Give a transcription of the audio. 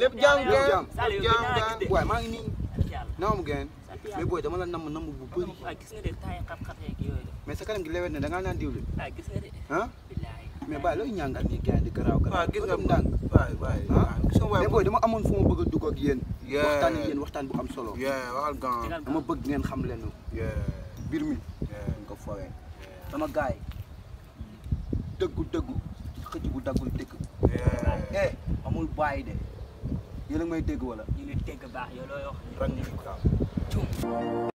lebih jam ngeen lépp jàmm ngeen waaye maa ini, nii gen, ngeen mais booy dama la namm namm bu bëri mais sa kanam gi lewet na da ngaa naan diwlin ah mais bàyyi looy nyangga nii gars di garaaw garaaw gis nga ndànk mais booy dama amoon fu ma bëgg a dugg ak yéen waxtaan ak yéen waxtaan bu am solo waxal gan dama bëgg ngeen xam leen birmi, mi nga sama guy, yi dëggu dëggu xëcc bu daggul eh amul bàyyi deh. yéen a ngi may dégg wala. ñu ngi dégg baax yow looy wax.